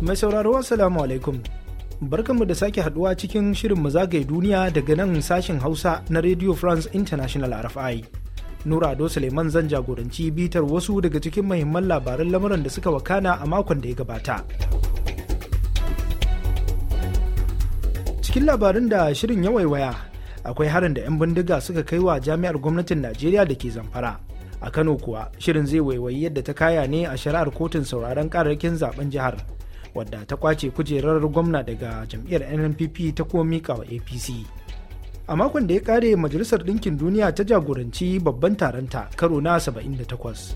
Mai sauraro Assalamu alaikum. Barkanmu da sake haduwa cikin shirin mu zagaye duniya daga nan sashen Hausa na Radio France International RFI. Nura Ado Suleiman zan jagoranci bitar wasu daga cikin mahimman labaran lamuran da suka wakana a makon da ya gabata. Cikin labarin da shirin ya waiwaya akwai harin da 'yan bindiga suka kai wa jami'ar gwamnatin Najeriya da ke zamfara. A Kano kuwa shirin zai waiwayi yadda ta kaya ne a shari'ar kotun sauraron kararrakin zaben jihar. wadda ta kwace kujerar gwamna daga jam'iyyar nnpp ta kuma mika wa apc a makon da ya kare majalisar ɗinkin duniya ta jagoranci babban taronta karo na 78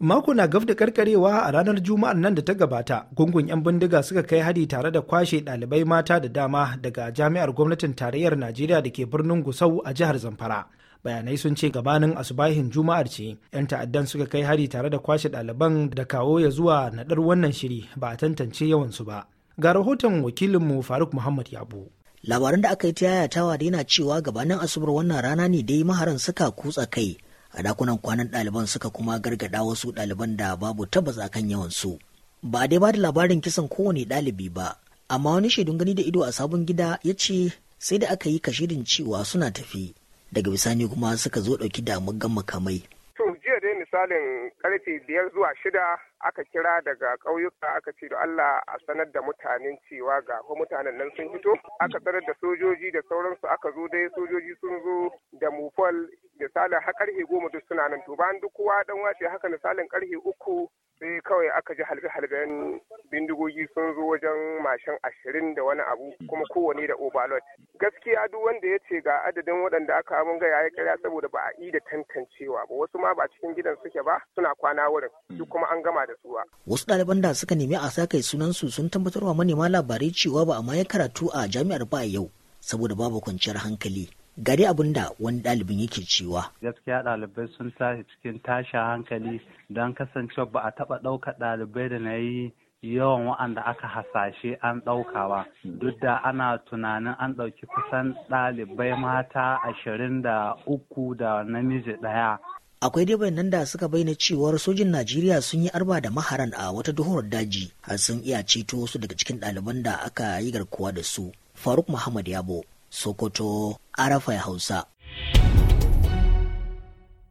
mako na gaf da karkarewa a ranar juma'ar nan da ta gabata gungun 'yan bindiga suka kai hari tare da kwashe ɗalibai mata da dama daga jami'ar gwamnatin tarayyar najeriya da ke birnin gusau a jihar zamfara bayanai sun ce gabanin asubahin juma'ar ce yan ta'addan suka kai hari tare da kwashe ɗaliban da kawo ya zuwa naɗar wannan shiri ba a tantance yawansu ba ga rahoton wakilinmu faruk muhammad yabo labarin da aka yi ta yayatawa da yana cewa gabanin asubar wannan rana ne dai maharan suka kutsa kai a dakunan kwanan ɗaliban suka kuma gargada wasu ɗaliban da babu tabbas akan yawan su ba dai ba da labarin kisan kowane ɗalibi ba amma wani shaidun gani da ido a sabon gida ya ce sai da aka yi kashedin cewa suna tafi daga bisani kuma suka zo ɗauki da jiya makamai misalin karfe biyar zuwa shida aka kira daga ƙauyuka aka ce da Allah a sanar da mutanen cewa ga ko mutanen nan sun fito aka sanar da sojoji da sauransu aka zo dai sojoji sun zo da mufal misalin har karfe goma duk suna nan to bayan duk kowa dan wace haka misalin karfe uku sai kawai aka ji halbe-halben bindigogi sun zo wajen mashin ashirin da wani abu kuma kowane da overload gaskiya duk wanda ya ce ga adadin waɗanda aka mun ga yayi saboda ba a yi da tantancewa ba wasu ma ba cikin gidan suke ba suna kwana wurin duk kuma an gama da suwa wasu ɗaliban da suka nemi a sa kai sunan su sun tabbatar wa manema labarai cewa ba a ma karatu a jami'ar ba yau saboda babu kwanciyar hankali gari abin da wani ɗalibin yake cewa. Gaskiya ɗalibai sun tashi cikin tashin hankali don kasancewa ba a taɓa ɗaukar ɗalibai da na yi yawan wa'anda aka hasashe an ɗaukawa duk da ana tunanin an ɗauki kusan ɗalibai mata ashirin da uku da namiji ɗaya. akwai dai bayanan da suka bayyana cewa sojin najeriya sun yi arba da maharan a wata duhuwar daji har sun iya ceto su daga cikin ɗaliban da aka yi garkuwa da su faruk muhammad yabo Sokoto, Arafai Hausa.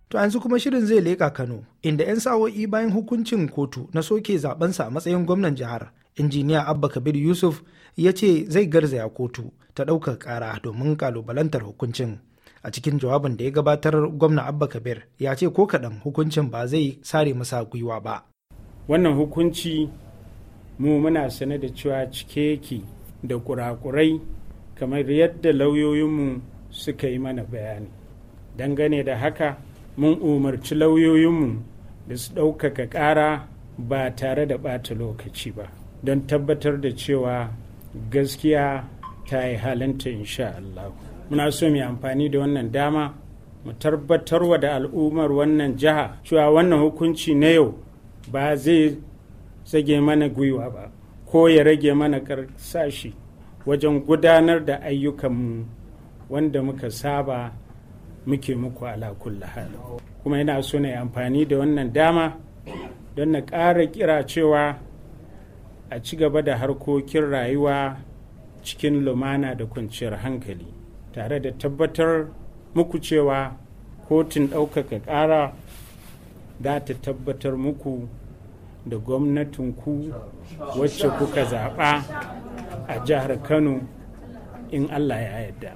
To yanzu kuma shirin zai leƙa Kano, inda 'yan sa'o'i bayan hukuncin kotu na soke zabensa a matsayin gwamnan jihar, injiniya Abba Kabir Yusuf ya ce zai garzaya kotu ta ɗaukar ƙara domin ƙalubalantar hukuncin. A cikin jawabin da ya gabatar gwamna Abba Kabir ya ce ko kaɗan hukuncin ba zai sare masa gwiwa ba. Wannan hukunci mu muna sane da cewa cike yake da kurakurai kamar yadda lauyoyinmu suka yi mana bayani dangane da haka mun umarci lauyoyinmu da su ɗaukaka ƙara ba tare da ɓata lokaci ba don tabbatar da cewa gaskiya ta yi halinta insha Allah. muna so mu amfani da wannan dama mu tabbatarwa da al'ummar wannan jiha cewa wannan hukunci na yau ba zai zage mana gwiwa ba ko ya rage mana karsashi wajen gudanar da ayyukanmu wanda muka saba muke muku alakulla hali kuma yana so na amfani da wannan dama don na ƙara kira cewa a ci gaba da harkokin rayuwa cikin lumana da kwanciyar hankali tare da tabbatar muku cewa kotun ɗaukaka ƙara za ta tabbatar muku da gwamnatinku wacce kuka zaɓa a jihar kano in allah ya yarda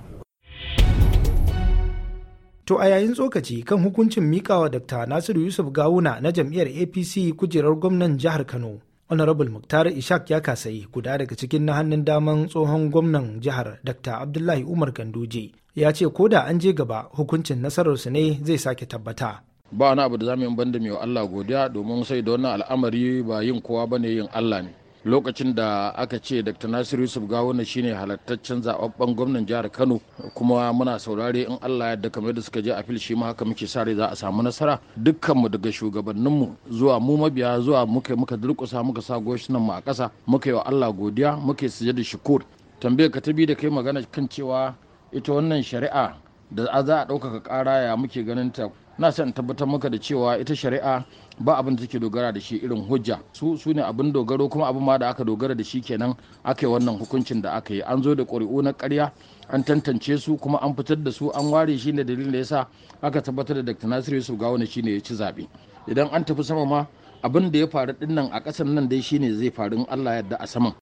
To a yayin tsokaci kan hukuncin mikawa Dr. Nasiru Yusuf Gawuna na jam'iyyar APC kujerar gwamnan jihar Kano. Honorable Muktar Ishak ya kasayi guda daga cikin na hannun daman tsohon gwamnan jihar Dr. Abdullahi Umar Ganduje ya ce ko da an je gaba hukuncin nasararsu ne zai sake tabbata. Ba wani abu da zamu yi banda mai Allah godiya domin sai da wannan al'amari ba yin kowa ba ne yin Allah ne. lokacin da aka ce dr nasiru yusuf gawuna shine halartaccen zababben gwamnan jihar kano kuma muna saurare in allah yadda kamar da suka je a fil shi ma haka muke sare za a samu nasara dukkanmu daga shugabanninmu zuwa mu mabiya zuwa muka muka durkusa muka sa goshinan mu a ƙasa muka yi wa allah godiya muka yi sujada shukur tambayar ka ta bi da kai magana kan cewa ita wannan shari'a da za a ɗaukaka ƙara ya muke ganin ta na son tabbatar maka da cewa ita shari'a ba abin da take dogara da shi irin hujja su su ne abin dogaro kuma abin ma da aka dogara da shi kenan aka yi wannan hukuncin da aka yi an zo da ƙuri'u na ƙarya an tantance su kuma an fitar da su an ware shi ne dalilin da sa aka tabbatar da dr nasiru yusuf gawon shi ne ya ci zaɓe idan an tafi sama ma abin da ya faru dinnan a ƙasar nan dai shi ne zai faru in allah yadda a saman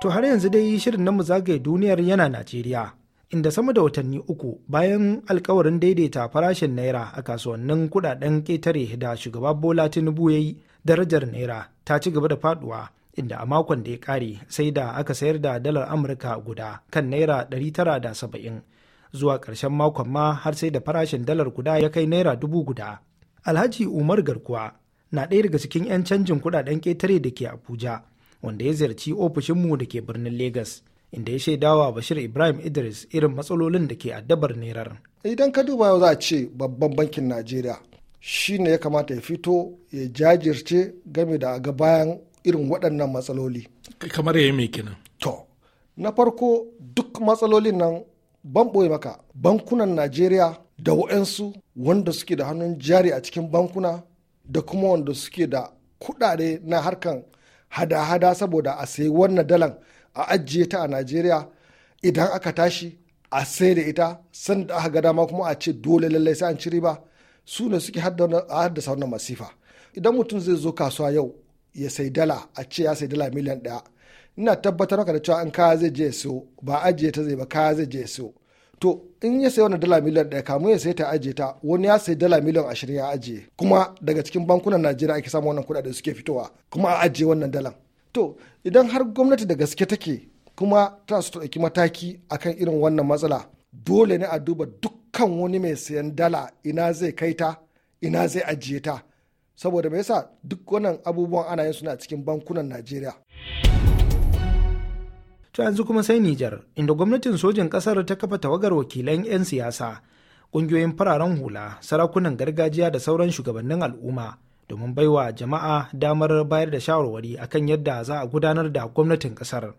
To har yanzu dai shirin na mu zagaye duniyar yana Najeriya, inda sama da watanni uku bayan alkawarin daidaita farashin naira a kasuwannin kudaden ƙetare da shugaba Bola Tinubu ya yi darajar naira ta ci gaba da faduwa inda a makon da ya kare sai da aka sayar da dalar Amurka guda kan naira saba'in, zuwa ƙarshen makon ma har sai da farashin dalar guda ya kai naira dubu guda. Alhaji Umar Garkuwa na ɗaya daga cikin 'yan canjin kudaden ƙetare da ke Abuja. wanda ya ziyarci ofishinmu da ke birnin Legas, inda ya shaidawa Bashir Ibrahim Idris irin matsalolin da ke addabar nerar. Idan ka duba yau za a ce babban bankin Najeriya shi ne ya kamata ya fito ya jajirce game da ga bayan irin waɗannan matsaloli. Kamar ya yi kenan. To, na farko duk matsalolin nan ban ɓoye maka bankunan Najeriya da wa'ansu wanda suke da hannun jari a cikin bankuna da kuma wanda suke da kuɗaɗe na harkan hada-hada saboda a sayi wannan dalan a ajiye ta a najeriya idan aka tashi a sai da ita san da aka ga dama kuma a ce dole lallai sai an ci riba su ne suke haddasa wannan masifa idan mutum zai zo kasuwa yau ya sai dala a ce ya sai dala miliyan daya ina tabbatar maka da cewa an kaya zai je ya siyo ba ajiye ta zai ba kaya zai je ya siyo to in ya sayi wani dala miliyan ɗaya kamun ya sai ta ajiye ta wani ya sayi dala miliyan ashirin ya ajiye kuma daga cikin bankunan najeriya ake samun wannan kuɗaɗe suke fitowa kuma a ajiye wannan dalan to idan har gwamnati da gaske take kuma ta su ɗauki mataki akan irin wannan matsala dole ne a duba dukkan wani mai sayan dala ina zai kai ta ina zai ajiye ta saboda me yasa duk wannan abubuwan ana yin suna cikin bankunan najeriya. To yanzu kuma sai Nijar, inda gwamnatin sojin ƙasar ta kafa tawagar wakilan 'yan siyasa, ƙungiyoyin fararen hula, sarakunan gargajiya da sauran shugabannin al'umma domin baiwa jama'a damar bayar da shawarwari akan yadda za a gudanar da gwamnatin ƙasar.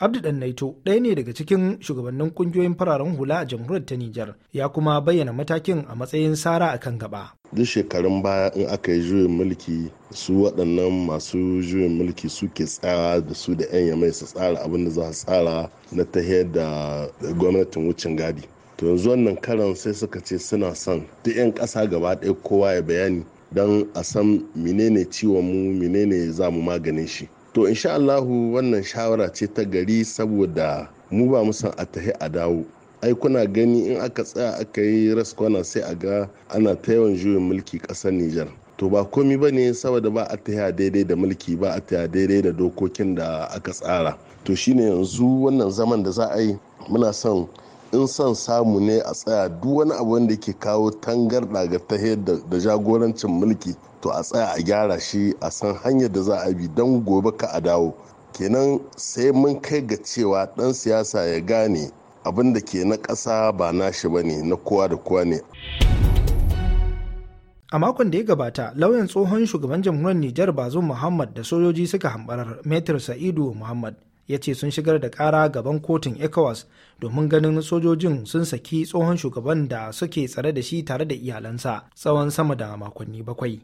Abdu Dan Naito ɗaya ne daga cikin shugabannin kungiyoyin fararen hula a jamhuriyar ta Nijar ya kuma bayyana matakin a matsayin sara a kan gaba. Duk shekarun baya in aka yi juyin mulki su waɗannan masu juyin mulki suke tsara da su da 'yan yamai su tsara abin da za su tsara na tahiyar da gwamnatin wucin gadi. To yanzu wannan karan sai suka ce suna son duk 'yan ƙasa gaba ɗaya kowa ya bayani don a san menene ciwon mu menene za mu maganin shi. to insha Allahu wannan shawara ce ta gari saboda mu ba mu san a tahi a dawo ai kuna gani in aka tsaya aka yi raskwana sai a ga ana ta yawan juyin mulki ƙasar Nijar to ba komi ba ne saboda ba a daidai da mulki ba a daidai da dokokin da aka tsara to shine yanzu wannan zaman da za a yi muna son in son samu ne a tsaya duk wani abu wanda ke kawo tangarɗa ga ta da jagorancin mulki to a tsaya a gyara shi a san hanyar da za a bi don gobe ka a dawo kenan sai mun kai ga cewa ɗan siyasa ya gane abin da ke na ƙasa ba nashi ba ne na kowa da kowa ne a makon da ya gabata lauyan tsohon shugaban jamhuriyar nijar bazum muhammad da sojoji suka hambarar metir sa'idu muhammad ya ce sun shigar da kara gaban kotun ecowas domin ganin sojojin sun saki tsohon shugaban da suke tsare da shi tare da iyalansa tsawon sama da makonni bakwai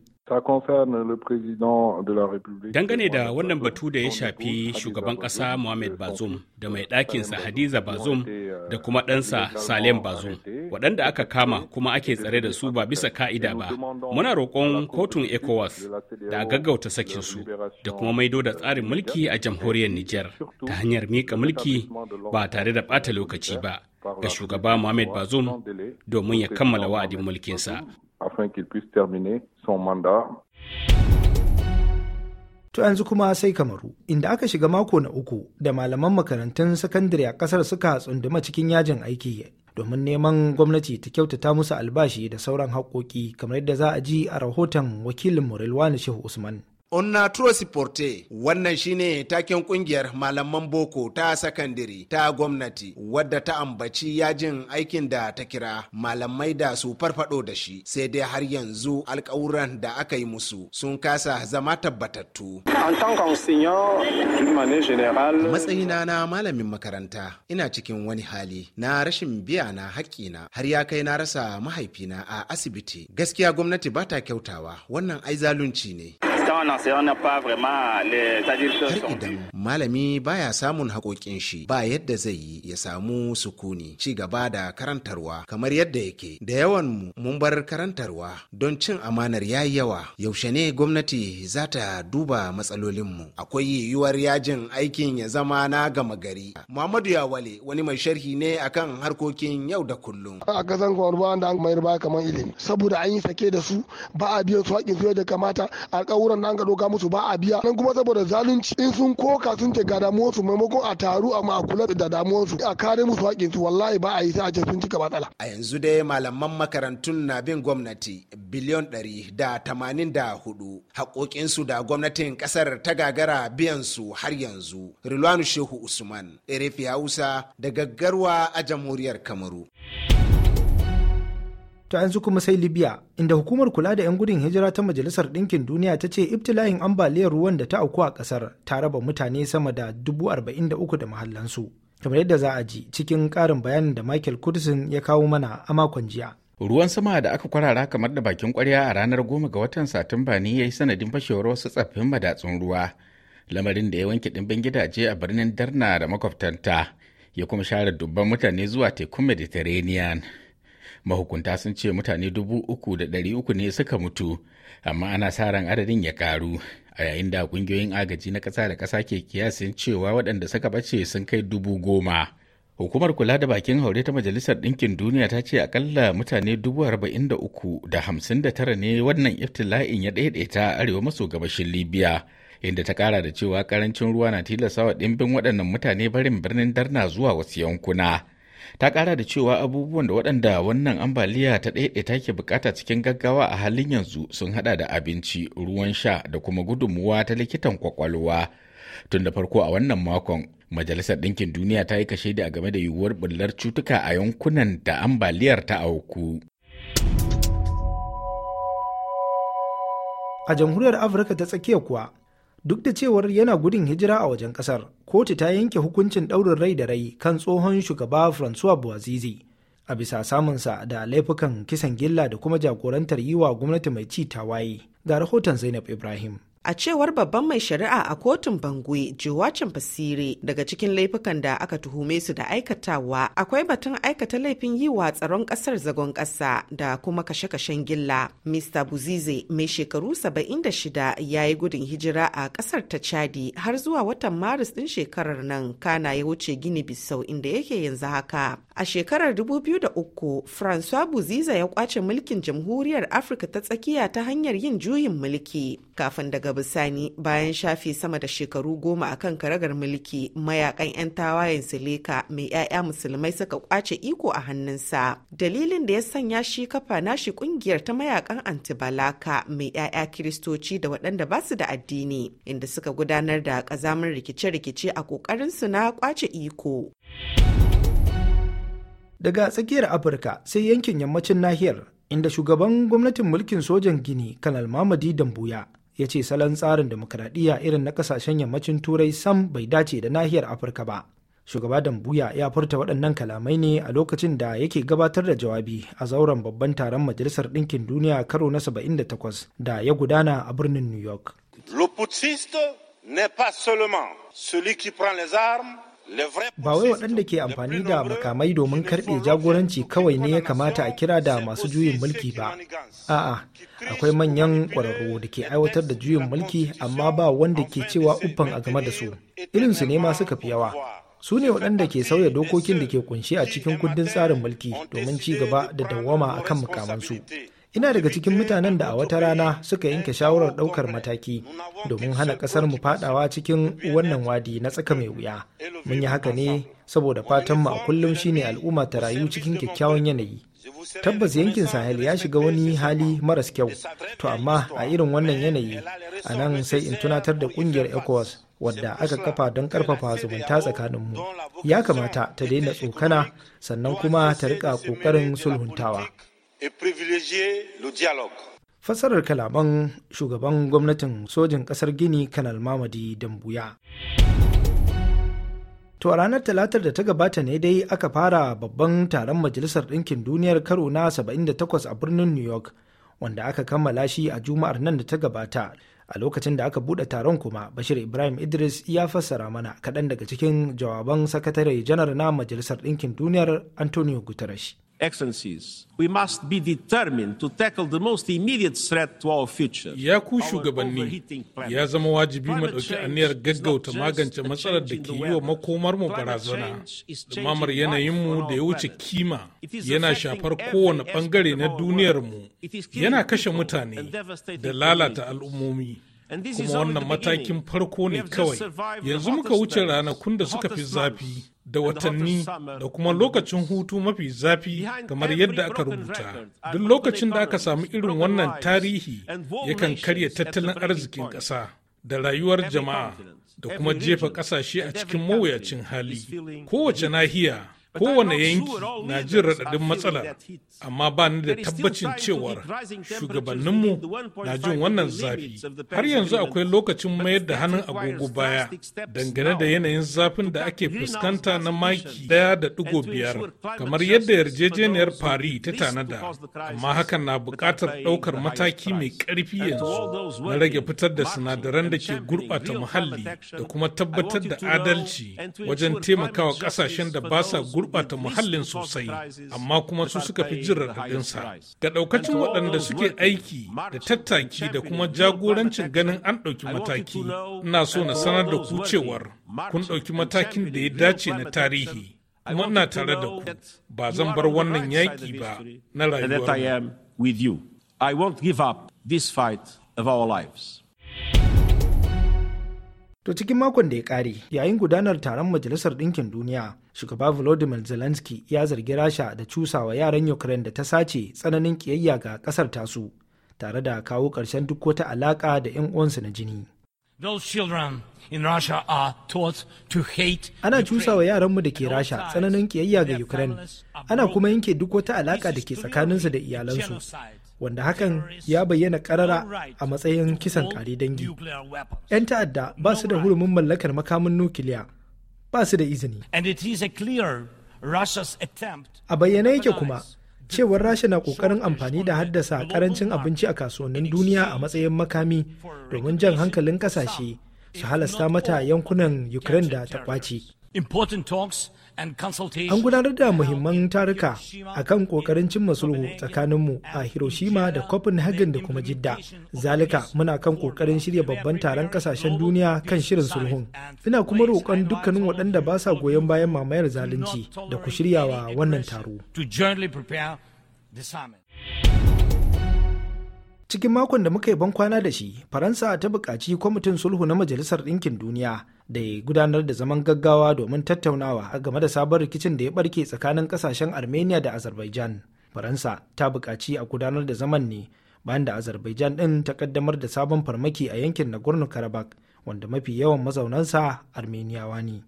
Dangane da wannan batu da ya shafi shugaban ƙasa Mohamed Bazoum da mai ɗakinsa Hadiza Bazoum euh, da kuma ɗansa Salem Bazoum, waɗanda aka kama kuma ake tsare da su ba bisa ka'ida ba. Muna roƙon kotun ECOWAS da a gaggauta sakinsu da kuma maido da tsarin mulki a jamhuriyar Nijar ta hanyar miƙa mulki ba tare da ɓata lokaci ba ga shugaba Mohamed Bazoum domin ya kammala wa'adin mulkinsa. afin qu'il puisse terminer son mandat. To yanzu kuma sai Kamaru, inda aka shiga mako na uku da malaman makarantun sakandare a ƙasar suka tsunduma cikin yajin aiki domin neman gwamnati ta kyautata musu albashi da sauran haƙoƙi kamar yadda za a ji a rahoton wakilin Murilwani Shehu Usman. Onna Trosiporte wannan shine taken kungiyar malaman boko ta sakandare ta gwamnati wadda ta ambaci yajin aikin da ta kira malamai da su farfado da shi sai dai har yanzu alkawuran da aka yi musu sun kasa zama tabbatattu. Matsayina na malamin makaranta ina cikin wani hali na rashin biya na haƙƙina har ya kai na rasa mahaifina a asibiti gaskiya gwamnati ba ta kyautawa wannan ai zalunci ne. Har idan malami baya samun haƙoƙin shi ba yadda zai yi ya samu sukuni ci gaba da karantarwa kamar yadda yake da yawan mu mun bar karantarwa don cin amanar yayi yawa yaushe ne gwamnati za ta duba mu? akwai yiwuwar yajin aikin ya zama na gama gari muhammadu yawale wani mai sharhi ne akan harkokin yau da kullum a kasan kwarba da an mayar baya kamar ilimi saboda an yi sake da su ba a biyan su haƙƙin su yadda kamata alƙawuran da an gado doka musu ba a biya nan kuma saboda zalunci in sun koka sun ce ga damuwar su maimakon a taru a kula da damuwar su a kare musu haƙƙin su wallahi ba a yi sai a ce sun cika matsala a yanzu dai malaman makarantun na bin gwamnati biliyon ɗari da tamanin da hudu haƙoƙinsu da gwamnatin ƙasar ta gagara biyan su har yanzu rilwanu shehu usman erefi hausa da gaggarwa a jamhuriyar kamaru. ta yanzu kuma sai Libya, inda hukumar kula da 'yan gudun hijira ta Majalisar Ɗinkin Duniya ta ce ibtila'in ambaliyar ruwan da ta auku a ƙasar ta raba mutane sama da 43,000 da mahallansu. Kamar yadda za a ji cikin karin bayanin da Michael Kudisin ya kawo mana a makon jiya. Ruwan sama da aka kwarara kamar da bakin kwarya a ranar goma ga watan Satumba ne ya yi sanadin fashewar wasu tsaffin madatsun ruwa. Lamarin da ya wanke ɗimbin gidaje a birnin Darna da makwabtanta, ya kuma share dubban mutane zuwa tekun Mediterranean. mahukunta sun ce mutane dubu uku da ɗari uku ne suka mutu amma ana sa ran adadin ya karu a yayin da kungiyoyin agaji na ƙasa da ƙasa ke kiyasin cewa waɗanda suka bace sun kai dubu goma hukumar kula da bakin haure ta majalisar ɗinkin duniya ta ce akalla mutane dubu arba'in da uku da hamsin da tara ne wannan iftila'in ya ɗaiɗaita arewa maso gabashin libya inda ta kara da cewa karancin ruwa na wa ɗimbin waɗannan mutane barin birnin darna zuwa wasu yankuna ta kara da cewa abubuwan da waɗanda wannan ambaliya ta ɗaiɗaita ke bukata cikin gaggawa a halin yanzu sun hada da abinci ruwan sha da kuma gudunmuwa ta likitan kwakwalwa tun da farko a wannan makon majalisar ɗinkin duniya ta yi kashe a game da yiwuwar bullar cutuka a yankunan da ambaliyar ta auku a jamhuriyar afirka ta tsakiya kuwa duk da cewar yana gudun hijira a wajen kasar kotu ta yanke hukuncin ɗaurin rai da rai kan tsohon shugaba francois boazizi a bisa samunsa da laifukan kisan gilla da kuma jagorantar yi wa gwamnati mai ci tawaye ga rahoton zainab ibrahim A cewar babban mai shari'a a kotun Bangui, Jiwacin Basire, daga cikin laifukan da aka tuhume su da aikatawa, akwai batun aikata laifin yi wa tsaron ƙasar zagon ƙasa da kuma kashe-kashen gilla. Mr. Buzize, mai shekaru 76, ya yi gudun hijira a ƙasar ta Chadi har zuwa watan Maris ɗin shekarar nan, kana ya wuce Gini bisau inda yake yanzu haka. A shekarar 2003, Francois Buziza ya kwace mulkin Jamhuriyar Afirka ta tsakiya ta hanyar yin juyin mulki kafin daga bisani bayan shafe sama da shekaru goma a kan karagar mulki mayakan 'yan tawayen silika mai 'ya'ya musulmai suka kwace iko a hannunsa dalilin da ya sanya shi kafa nashi kungiyar ta mayakan antibalaka mai 'ya'ya kiristoci da waɗanda ba su da addini inda suka gudanar da ƙazamin rikice-rikice a ƙoƙarinsu na kwace iko. Daga tsakiyar Afirka sai yankin yammacin nahiyar inda shugaban gwamnatin mulkin sojan Gini Kanal Mamadi Dambuya ya ce salon tsarin demokradiyya irin na kasashen yammacin turai sam bai dace da nahiyar afirka ba shugaba dambuya ya furta waɗannan kalamai ne a lokacin da yake gabatar da jawabi a zauren babban taron majalisar ɗinkin duniya karo na 78 da ya gudana a birnin new york ba wai waɗanda ke amfani da makamai domin karɓe jagoranci kawai ne ya kamata a kira da masu juyin mulki ba a'a akwai manyan ƙwararru da ke aiwatar da juyin mulki amma ba wanda ke cewa uffan a game da su irinsu ne masu kafi yawa su ne waɗanda ke sauya dokokin da ke kunshi a cikin kundin tsarin mulki domin ci gaba da dawwama akan makamansu. ina daga cikin mutanen da a wata rana suka yanke shawarar ɗaukar mataki domin hana ƙasar mu fadawa cikin wannan wadi na tsaka mai wuya mun yi haka ne saboda fatan mu a kullum shine al'umma ta rayu cikin kyakkyawan yanayi tabbas yankin sahel ya shiga wani hali maras kyau to amma a irin wannan yanayi a nan sai in tunatar da kungiyar ecowas wadda aka kafa don ƙarfafa zumunta tsakanin mu ya kamata ta daina tsokana sannan kuma ta rika ƙoƙarin sulhuntawa fassarar kalaman shugaban gwamnatin sojin kasar Gini Kanal Mamadi Dambuya. To a ranar talatar da ta gabata ne dai aka fara babban taron Majalisar Ɗinkin Duniyar karo na 78 a birnin New York, wanda aka kammala shi a Juma'ar nan da ta gabata. A lokacin da aka buɗe taron kuma, Bashir Ibrahim Idris ya fassara mana kaɗan daga cikin jawaban sakatare janar na Majalisar Ɗinkin Duniyar Antonio Guterres. Excellencies, we must be determined to tackle the most immediate threat to our future. Ya ku shugabanni, ya zama wajibi mu ɗauki aniyar gaggauta magance matsalar da ke yi wa mu barazana. Dumamar yanayinmu da ya wuce kima yana shafar kowane ɓangare na duniyar duniyarmu, yana kashe mutane da lalata al'ummomi. Kuma wannan matakin farko ne kawai, yanzu muka wuce ranakun da suka fi zafi. da watanni da kuma lokacin hutu mafi zafi kamar yadda aka rubuta duk lokacin da aka samu irin wannan tarihi yakan karya tattalin arzikin ƙasa da rayuwar jama'a da kuma jefa ƙasashe a cikin mawuyacin hali kowace nahiya kowane yanki na jin raɗaɗin matsalar amma ba ni da tabbacin cewar shugabanninmu na jin wannan zafi har yanzu akwai lokacin mayar da hannun agogo baya dangane da yanayin zafin da ake fuskanta na maki daya da ɗigo biyar kamar yadda yarjejeniyar fari ta tanada amma hakan na buƙatar ɗaukar mataki mai ƙarfi yanzu na rage fitar da sinadaran da ke gurɓata muhalli da kuma tabbatar da adalci wajen taimakawa ƙasashen da ba sa gurɓata gurɓata muhallin sosai amma kuma su suka fi jin raɗaɗinsa ga ɗaukacin waɗanda suke aiki da tattaki da kuma jagorancin ganin an ɗauki mataki ina so na sanar da ku cewar kun ɗauki matakin da ya dace na tarihi kuma ina tare da ku ba zan bar wannan yaƙi ba na rayuwar I won't give up this fight of our To cikin makon da ya kare yayin gudanar taron Majalisar Ɗinkin Duniya, shugaba Volodymyr Zelensky ya zargi Rasha da cusawa yaran Ukraine da ta sace tsananin ƙiyayya ga ƙasar tasu, tare da kawo ƙarshen duk wata alaƙa da 'yan uwansu na jini. children in to Ana cusawa yaranmu da ke Rasha tsananin kiyayya ga Ukraine, ana kuma yanke duk wata alaƙa da ke tsakaninsu da iyalansu. wanda hakan ya bayyana karara a matsayin kisan kare dangi. 'Yan ta'adda ba su da hurumin mallakar makamin nukiliya, ba su da izini. A bayyana yake kuma, cewar rasha na ƙoƙarin amfani da haddasa karancin abinci a kasuwannin duniya a matsayin makami domin jan hankalin kasashe su halasta mata yankunan ukraine da ta kwace important talks An gudanar da muhimman taruka a kan ƙoƙarin cimma sulhu tsakaninmu a Hiroshima da Copenhagen da kuma Jidda. Zalika muna kan kokarin shirya babban taron kasashen duniya kan shirin sulhun. Ina kuma roƙon dukkanin waɗanda ba sa goyon bayan mamayar zalunci da ku shirya wa wannan taro. cikin makon da muka yi ban kwana da shi faransa ta buƙaci kwamitin sulhu na majalisar ɗinkin duniya da ya gudanar da zaman gaggawa domin tattaunawa game da sabon rikicin da ya barke tsakanin ƙasashen armenia da azerbaijan faransa ta buƙaci a gudanar da zaman ne bayan da azerbaijan ɗin ta ƙaddamar da sabon farmaki a yankin nagorno karabakh wanda mafi yawan mazaunansa armeniyawa ne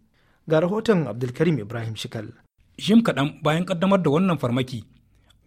ga rahoton abdulkarim ibrahim shikal jim kaɗan bayan ƙaddamar da wannan farmaki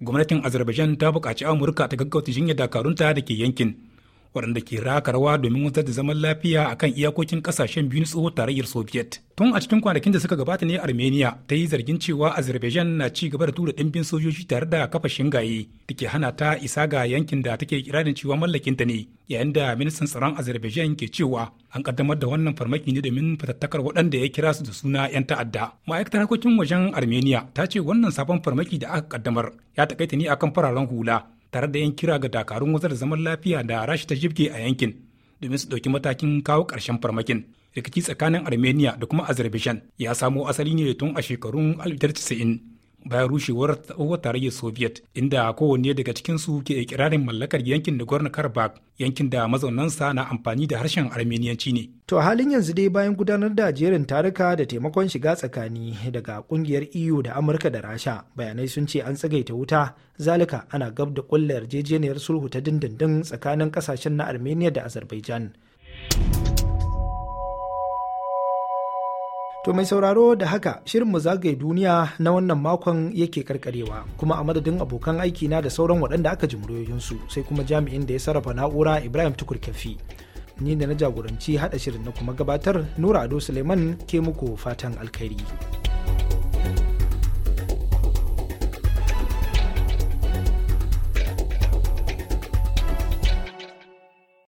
gwamnatin azerbaijan ta buƙaci amurka ta gaggauta jinya dakarunta da ke yankin waɗanda ke raka rawa domin wutar da zaman lafiya a kan iyakokin ƙasashen biyu na tsohon tarayyar soviet tun a cikin kwanakin da suka gabata ne armenia ta yi zargin cewa azerbaijan na ci gaba da tura ɗimbin sojoji tare da kafa shingaye da ke hana ta isa ga yankin da take kirarin cewa mallakinta ne yayin da ministan tsaron azerbaijan ke cewa an kaddamar da wannan farmaki ne domin fatattakar waɗanda ya kira su da suna 'yan ta'adda ma'aikatar harkokin wajen armenia ta ce wannan sabon farmaki da aka kaddamar ya takaita ne akan fararen hula tare da yan kira ga dakarun wazar zaman lafiya da rashi ta jibge a yankin domin su ɗauki matakin kawo ƙarshen farmakin rikici tsakanin armenia da kuma azerbaijan ya samo asali ne tun a shekarun 1990 bayan rushewar tsohuwar tarayyar soviet inda kowanne daga cikinsu ke ikirarin mallakar yankin nagorno karabakh yankin da mazaunansa na amfani da harshen armeniyanci ne to a halin yanzu dai bayan gudanar da jerin taruka da taimakon shiga tsakani daga kungiyar eu da amurka da rasha bayanai sun ce an tsagaita wuta zalika ana gab da kulla yarjejeniyar sulhu ta dindindin tsakanin kasashen na armenia da azerbaijan To mai sauraro da haka shirinmu zagaye duniya na wannan makon yake karkarewa kuma a madadin abokan aiki na da sauran waɗanda aka ji su sai kuma jami'in da ya sarrafa na'ura Ibrahim Tukur Kafi. Ni da na jagoranci haɗa shirin na kuma gabatar Nura Ado Suleiman ke muku fatan alkhairi.